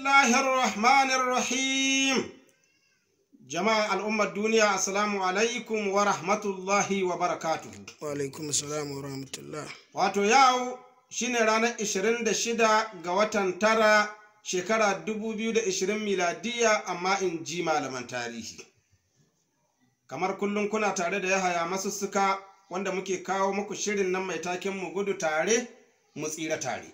bismillahir rahmanir al'ummar duniya assalamu alaikum wa rahmatullahi wa wa alaikum assalam wa rahmatullah wato yau shine ranar 26 ga watan tara shekara 2020 miladiya amma in ji malaman tarihi kamar kullum kuna tare da yahaya masussuka wanda muke kawo muku shirin nan mai taken mu gudu tare mu tsira tare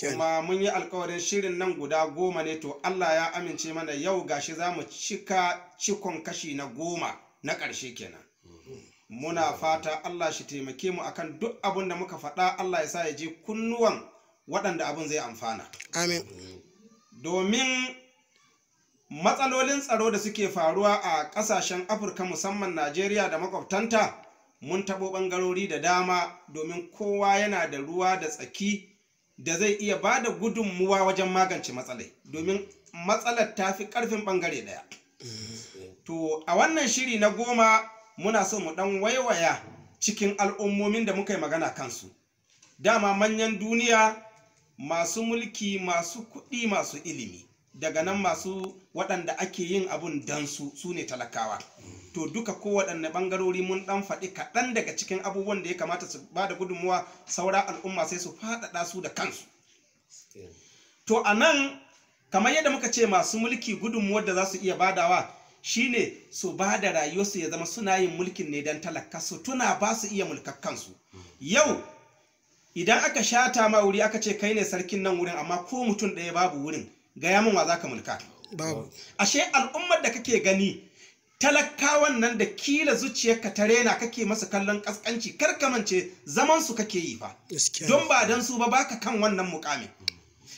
kuma mun yi alkawarin shirin nan guda goma ne to Allah ya amince mana yau gashi za mu cika cikon kashi na goma na ƙarshe kenan mm-hmm. muna fata Allah shi taimake mu akan duk abin da muka faɗa Allah ya sa ya je kunnuwan waɗanda abin zai amfana amin mm-hmm. domin matsalolin tsaro da suke faruwa a ƙasashen afirka musamman najeriya da makwabtanta mun taɓo ɓangarori da dama domin kowa yana da ruwa da tsaki da zai iya ba da gudunmuwa wajen magance matsalai domin matsalar ta fi ƙarfin ɓangare ɗaya to a wannan shiri na goma muna so mu ɗan waiwaya cikin al'ummomin da muka yi magana kansu dama manyan duniya masu mulki masu kuɗi masu ilimi daga nan masu waɗanda ake yin abun dansu su ne talakawa to duka kowaɗanne ɓangarori mun ɗan faɗi kaɗan daga cikin abubuwan da ya kamata su ba da gudunmuwa saura al'umma sai su faɗaɗa su da kansu to a nan kamar yadda muka ce masu mulki gudunmuwar da za su iya badawa ne su ba da rayuwarsu ya zama suna yin mulkin ne don talaka su tuna ba su iya kansu. yau idan aka shata ma wuri aka ce kai ne sarkin nan wurin amma ko mutum ɗaya babu wurin gaya yamin wa za ka mulka ashe al'ummar da kake gani talakawan nan da kila zuciyarka ta rena kake masa kallon kaskanci kar ka mance zaman su kake yi fa don ba dan su ba baka kan wannan mukamin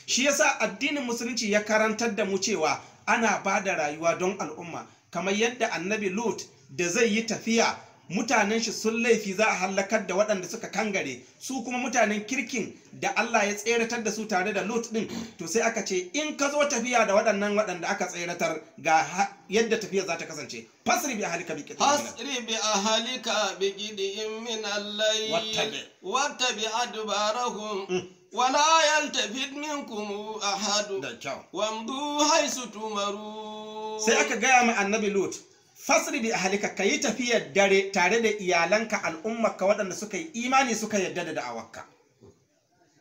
shi yasa addinin musulunci ya karantar da mu cewa ana bada rayuwa don al'umma kamar yadda annabi lut da zai yi tafiya mutanen shi sun laifi za a hallakar da waɗanda suka kangare su kuma mutanen kirkin da Allah ya tseratar da su tare da lot din to sai aka ce in ka zo tafiya da waɗannan waɗanda aka tseratar ga yadda tafiya za ta kasance fasri bi ahalika bi qidin fasri bi ahalika bi qidin min allahi layl wattabi adbarahum mm. wala yaltafit minkum ahad wamdu haisu tumaru sai aka gaya ma annabi lot. fasri bi ahlika kayi tafiyar dare tare da iyalanka al'umma ka waɗanda suka yi imani suka yarda da da'awarka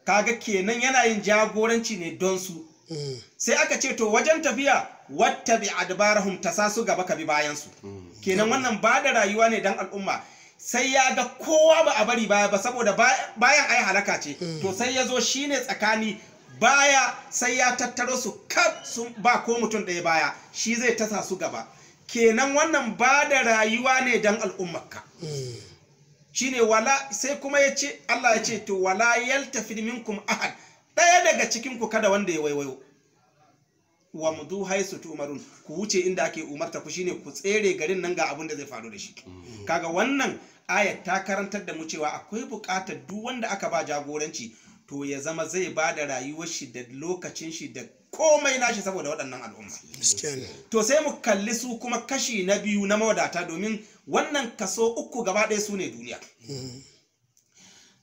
kaga kenan yana yin jagoranci ne don su mm. sai aka ce to wajen tafiya wata bi adbarahum ta sa su gaba ka bi bayan su mm. kenan wannan ba da rayuwa ne dan al'umma sai ya ga kowa ba a bari baya ba saboda bayan ai halaka ce mm. to sai ya zo shine tsakani baya sai ya tattaro su kaf sun ba ko mutum ɗaya baya shi zai tasa su gaba kenan wannan ba da rayuwa ne don al'ummarka shine wala sai kuma ya ce Allah ya ce to wala yaltafi minkum ahad ɗaya daga cikin ku kada wanda ya waiwayo wa mudu haisu tumarun ku wuce inda ake umarta ku shine ku tsere garin nan ga abin da zai faru da shi kaga wannan ayat ta karantar da mu cewa akwai buƙatar duk wanda aka ba jagoranci to ya zama zai ba da rayuwar shi da lokacin shi da komai nashi saboda waɗannan al'umma to sai mu kalli su kuma kashi na biyu na mawadata domin wannan kaso uku gaba ɗaya su ne duniya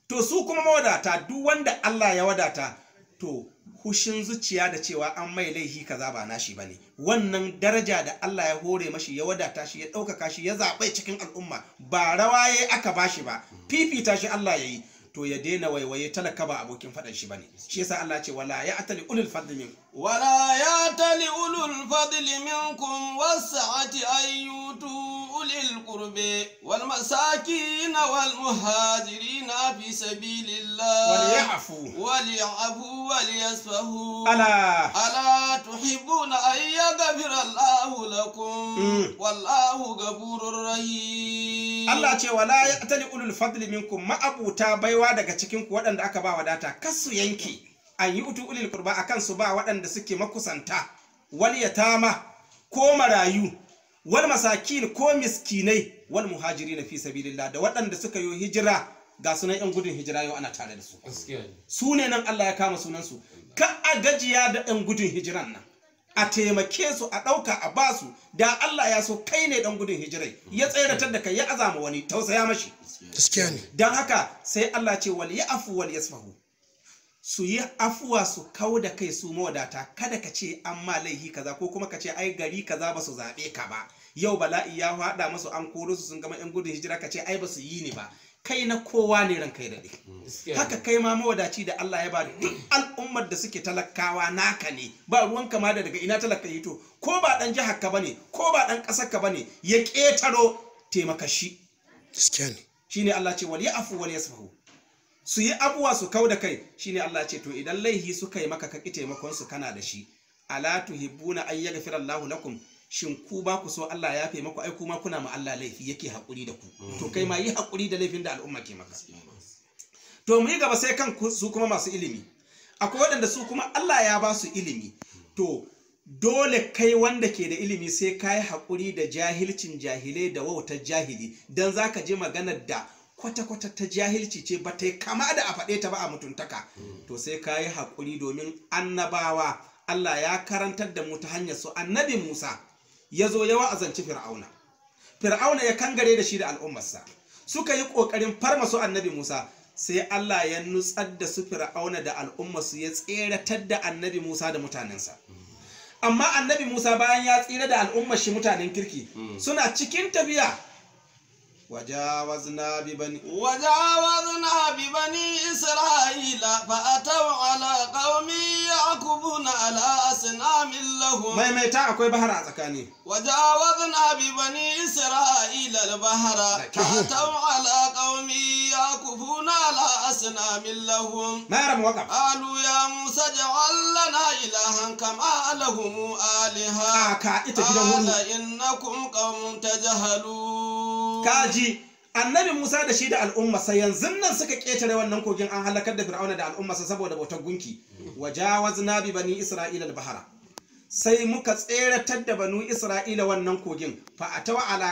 to su kuma mawadata duk wanda Allah ya wadata to hushin zuciya da cewa an mai laihi kaza ba nashi ba ne wannan daraja da Allah ya hore mashi ya wadata shi ya ɗaukaka shi ya zaɓe cikin al'umma ba rawaye aka bashi ba fifita shi Allah ya yi to ya daina waiwaye talaka ba abokin faɗan shi bane shi yasa Allah ce wala ya atali ulul fadli min wala ya atali ulul fadli minkum wasa'ati ayyutu ulil qurbi wal masakin wal muhajirin fi sabilillah wal ya'fu wal ya'fu wal yasfahu ala ala tuhibbuna an Allahu lakum mm. wallahu ghafurur rahim Allah ce wa la ya'tali ulul fadli minkum ma'abuta baiwa daga cikin ku waɗanda aka ba wadata kasu yanke an yi utu ulil qurba akan su ba waɗanda suke makusanta wal yatama ko marayu wal masakin ko miskinai wal muhajirin fi sabilillah da waɗanda suka yi hijira ga sunan yan gudun hijira yau ana tare da su su ne nan Allah ya kama sunan su ka a gajiya da yan gudun hijiran nan a taimake su a ɗauka a basu da Allah ya so kai ne dan gudun hijirai ya tsayaratar da kai ya azama wani tausaya mashi gaskiya ne dan haka sai Allah ce wal ya'fu wal yasfahu su yi afuwa su kau da kai su mawadata kada ka ce an ma laihi kaza ko kuma ka ce ai gari kaza ba su zaɓe ka ba yau bala'i ya haɗa musu an koro su sun gama yan gudun hijira ka ce ai ba su yi ni ba kai na kowa ne ranka ya daɗe mm, haka kai ma mawadaci da Allah ya bada duk mm. al'ummar da suke talakawa naka ne ba ruwan kama da daga ina talaka ko ba dan jihar ka bane ko ba dan ƙasar ka bane ya ƙetaro taimaka shi shine Allah ce wal ya'fu wal yasfahu su yi abuwa su kau da kai shine Allah ce to idan laihi suka yi maka ka ki taimakon su kana da shi ala tuhibbuna ay firallahu lakum shin ku ba ku so Allah ya maku ai ma kuna ma Allah laifi yake hakuri da ku mm. to kai ma yi hakuri da laifin da al'umma ke maka to mu yi gaba sai kan su kuma masu ilimi akwai waɗanda su kuma Allah ya ba su ilimi to dole kai wanda ke da ilimi sai ka yi haƙuri da jahilcin jahilai da wautar jahili don za ka je maganar da kwata-kwata ta jahilci ce ba ta yi kama da a faɗe ta ba a mutuntaka mm. to sai ka yi haƙuri domin annabawa Allah ya karantar da mu ta hanyar su annabi Musa ya zo ya wa'azanci fir'auna fir'auna ya kangare da shi da al'ummarsa suka yi ƙoƙarin farma su annabi musa sai allah ya nutsar da su fir'auna da al'ummarsu ya tseratar da annabi musa da mutanensa amma annabi musa bayan ya tsira da al'ummar shi mutanen kirki hmm. suna cikin tafiya وجاوزنا ببني وجاوزنا maimaita akwai bahara a tsakani waje a wazin abibani isra'ila da bahara ta tau ala ya kufu na ala min lahum mayaram waka alu ya musa ja'al lana ilahan kama alahumu aliha aka ita gidan hudu ala innakum qaumun tajhalu kaji annabi musa da shi da al'umma sai yanzu nan suka ketare wannan kogin an halakar da fir'auna da al'umma saboda bautar gunki mm. wajawazna bi bani isra'ila al-bahara sai muka tseratar da banu isra'ila wannan kogin fa a tawa ala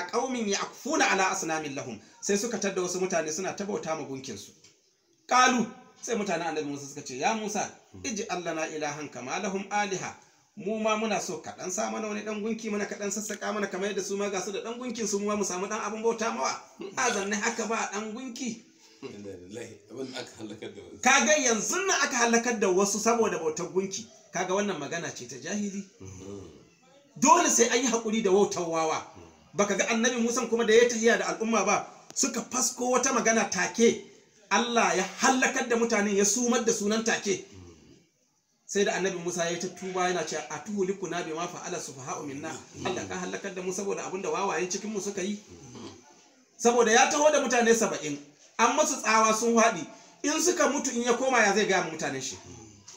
ya kufuna ala asinamin lahum sai suka tadda wasu mutane suna tabauta ma gunkin su sai mutane annabi Musa suka ce ya Musa iji Allah allana ilahan kama lahum aliha mu ma muna so ka dan sa mana wani dan gunki mana ka dan sassaka mana kamar yadda su ma ga su da dan gunkin su mu ma mu samu dan abin bauta mawa hmm. azanne haka ba ɗan gunki kaga yanzu na aka halakar da wasu saboda bautar gunki kaga wannan magana ce ta jahili mm-hmm. dole sai an yi haƙuri da wautar wawa mm-hmm. baka ga annabi musan kuma da ya tahiya da al'umma ba suka fasko wata magana take Allah ya halakar da mutanen ya sumar da sunan take mm-hmm. sai da annabi Musa ya ta tuba yana cewa atuhuliku na bima fa'ala sufaha'u minna Allah ka halakar da mu saboda abinda wawayen cikin mu suka yi saboda ya taho da mutane saba'in an masu tsawa sun haɗi in suka mutu in ya koma ya zai gaya mutanen shi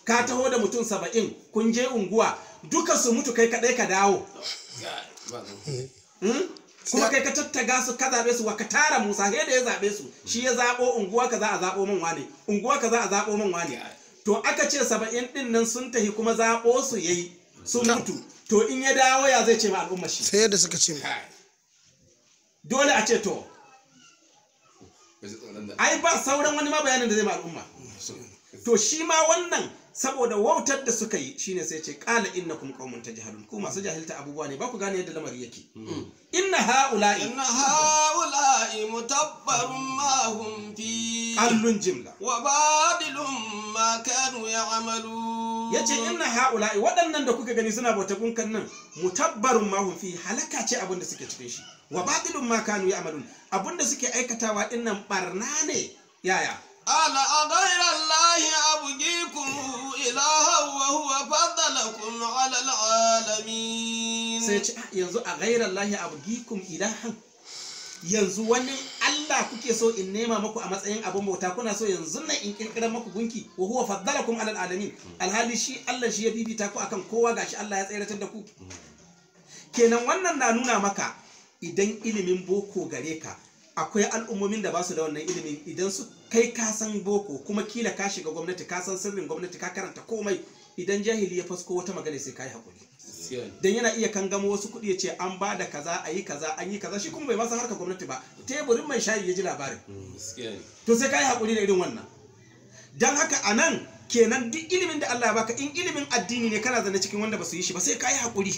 ka taho da mutum saba'in kun je unguwa duka su mutu kai kaɗai ka dawo hmm? kuma kai ka tattaga su ka zaɓe su wa ka tara musa he da ya zaɓe su shi ya zaɓo unguwa ka za a zaɓo man wane unguwa ka za a zaɓo man wane to aka ce saba'in ɗin nan sun tahi kuma zaɓo su yayi sun mutu to in ya dawo ya zai ce ma al'ummar shi sai yadda suka ce dole a ce to ai ba sauran wani ma bayanin da zai ma al'umma mm, to shi ma wannan saboda wautar da suka yi shine sai ce qala innakum qaumun tajhalun ku masu jahilta abubuwa ne ba ku gane yadda lamari yake inna haula'i inna haula'i mutabbarun ma hum fi qallun jimla wa badilun ma kanu ya'malu yace inna haula'i waɗannan da kuka gani suna bauta gunkan nan mutabbarun ma hum fi halaka ce abin da suke cikin shi wa badilun ma kanu ya'malun abin da suke aikatawa dinnan barna ne yaya ana غير الله أبغيكم إلها وهو فضلكم على العالمين سيتش ah, ينزو الله أبغيكم إلها yanzu wani Allah kuke so in nema maku a matsayin abin bauta kuna so yanzu nan in kirkira maku gunki wa huwa faddalakum alal alamin alhali shi Allah shi ya bibita ku akan kowa gashi Allah ya tsere da ku mm. kenan wannan na nuna maka idan ilimin boko gare ka akwai al'ummomin da ba su da wannan ilimin idan su kai ka san boko kuma kila ka shiga gwamnati ka san sirrin gwamnati ka karanta komai idan jahili ya fasko wata magana sai kai hakuri dan yana iya kangamo wasu kuɗi ya ce an ba da kaza a yi kaza an yi kaza shi kuma bai masa harka gwamnati ba teburin mai shayi ya ji labarin mm, to sai kai hakuri da irin wannan dan haka a nan kenan duk ilimin da Allah ya baka in ilimin addini ne kana zane cikin wanda ba su yi shi ba sai kai hakuri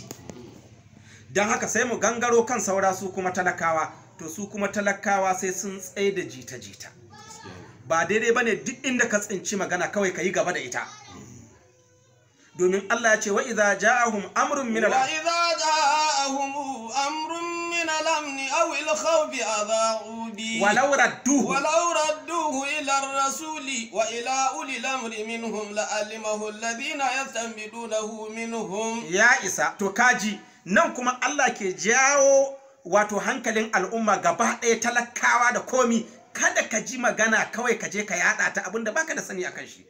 dan haka sai mu gangaro kan saura su kuma talakawa to su kuma talakawa sai sun tsaye da jita-jita ba daidai ba ne duk inda ka tsinci magana kawai ka yi gaba da ita domin Allah ce wa idza ja'ahum amrun min al-amn wa idza ja'ahum amrun min al-amn aw al-khawf adha'u bi wa law radduhu wa law radduhu ila ar-rasul wa ila uli al-amr minhum la alimahu alladhina yastanbidunahu minhum ya isa to kaji nan kuma Allah ke jawo wato hankalin al'umma gaba ɗaya talakawa da komi kada ka ji magana kawai ka je ka yaɗa ta abinda baka da sani akan shi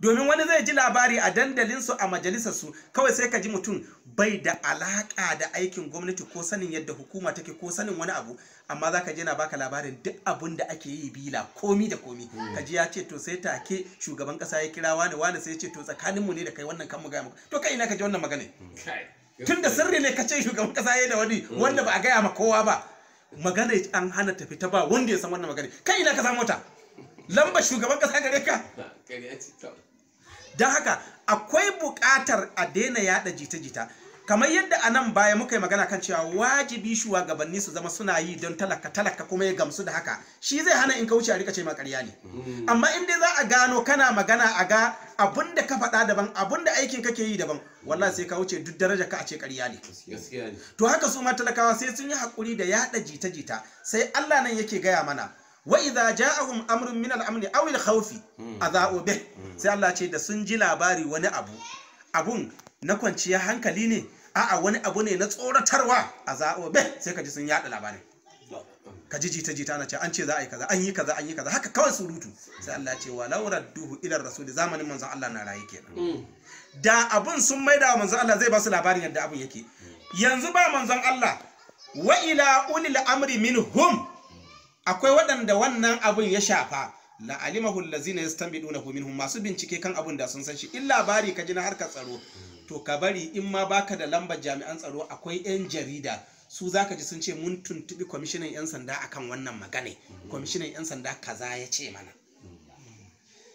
domin wani zai ji labari a dandalinsu a majalisar su, kawai sai ka ji mutum bai da alaƙa da aikin gwamnati ko sanin yadda hukuma take ko sanin wani abu amma za je na baka labarin duk abin da ake yi bila komi da komi ka ji ya ce to sai take shugaban ƙasa ya kira wani wani sai ce to tsakaninmu ne da kai wannan kan mu gaya to kai ina ka ji wannan magana tunda sirri ne kace shugaban kasa yayin da wani mm. wanda ba a gaya ma kowa ba magana an hana ta fita ba wanda ya san wannan magana kai ina ka samu ta lamba shugaban kasa gare ka Dan haka akwai buƙatar a daina yada jita-jita kamar yadda a nan baya muka yi magana kan cewa wajibi shugabanni su zama suna yi don talaka talaka kuma ya gamsu da haka shi zai hana in ka wuce a rika ce ma ƙarya ne mm. amma in dai za a gano kana magana a ga abun da ka faɗa daban abun da aikin ka ke yi daban wallahi sai ka wuce duk daraja ka a ce ƙarya ne to haka su ma talakawa sai sun yi hakuri da yaɗa jita jita sai Allah nan yake gaya mana wa idza ja'ahum amrun min al-amni aw al-khawfi mm. adha'u bih mm. sai Allah ce da sun ji labari wani abu abun na kwanciya hankali ne a'a wani abu ne na tsoratarwa a be sai ka ji sun yaɗa labarin ka ji jita jita na ce an ce za a yi kaza an yi kaza an yi kaza haka kawai surutu sai Allah ce wa laura duhu ilar rasuli zamanin manzon Allah na raye kenan mm. da abun sun maida wa manzon Allah zai ba su labarin yadda abun yake yanzu ba manzon Allah wa ila ulil amri minhum akwai waɗanda wannan abun ya shafa la alimahu allazina yastanbidunahu minhum masu bincike kan abun da sun san shi in labari ka ji na harkar tsaro to ka bari in ma baka da lambar jami'an tsaro akwai 'yan jarida su zaka ji sun ce mun tuntuɓi kwamishinan 'yan sanda akan wannan magana kwamishinan 'yan sanda kaza ya ce mana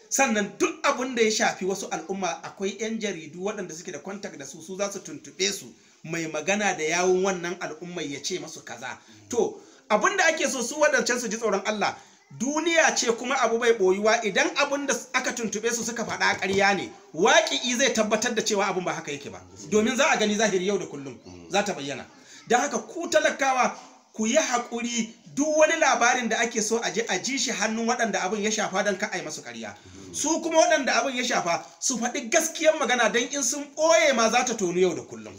sannan duk abin da ya shafi wasu al'umma akwai 'yan jaridu waɗanda suke da kontak da su su za su tuntuɓe su mai magana da yawun wannan al'umma ya ce masu kaza to abin da ake so su waɗancan su ji tsoron Allah duniya ce kuma abu bai boyuwa idan abun da aka tuntube su suka faɗa ƙarya ne waƙi'i zai tabbatar da cewa abun ba haka yake ba domin za a gani zahiri yau da kullum mm. za ta bayyana don haka ku talakawa ku yi haƙuri duk wani labarin da ake so a ji a ji shi hannun waɗanda abin ya shafa don ka yi masu ƙarya mm. su kuma waɗanda abun ya shafa su faɗi gaskiyar magana don in sun ɓoye ma za ta tonu yau da kullum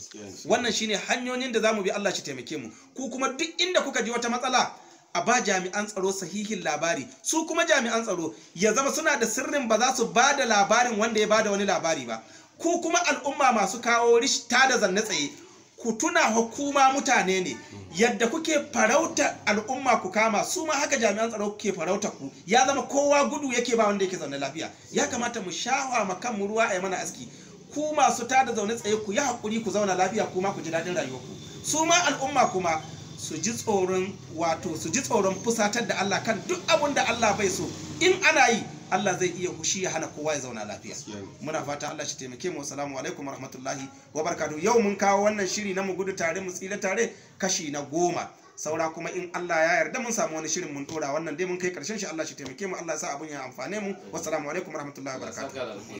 wannan shine hanyoyin da za mu bi Allah shi taimake mu ku kuma duk inda kuka ji wata matsala a ba jami'an tsaro sahihin labari su kuma jami'an tsaro ya zama suna da sirrin ba za su ba da labarin wanda ya ba da wani labari ba ku kuma al'umma masu kawo rishta da zanne tsaye ku tuna hukuma mutane ne yadda kuke farauta al'umma ku kama su ma haka jami'an tsaro kuke farauta ku ya zama kowa gudu yake ba wanda yake zaune lafiya ya kamata mu shawa ma mu ruwa a yi mana aski ku masu tada zaune tsaye ku yi hakuri ku zauna lafiya kuma ku ji daɗin rayuwarku su ma al'umma kuma su ji tsoron wato su ji tsoron fusatar da Allah kan duk abin da Allah bai so in ana yi Allah zai iya hushi ya hana kowa ya zauna lafiya muna fata Allah shi taimake mu assalamu alaikum warahmatullahi wabarakatuh yau mun kawo wannan shiri na mu gudu tare mu tsira tare kashi na goma saura kuma in Allah ya yarda mun samu wani shirin mun dora wannan dai mun kai karshen shi Allah shi taimake mu Allah ya sa abun ya amfane mu wassalamu alaikum warahmatullahi wabarakatuh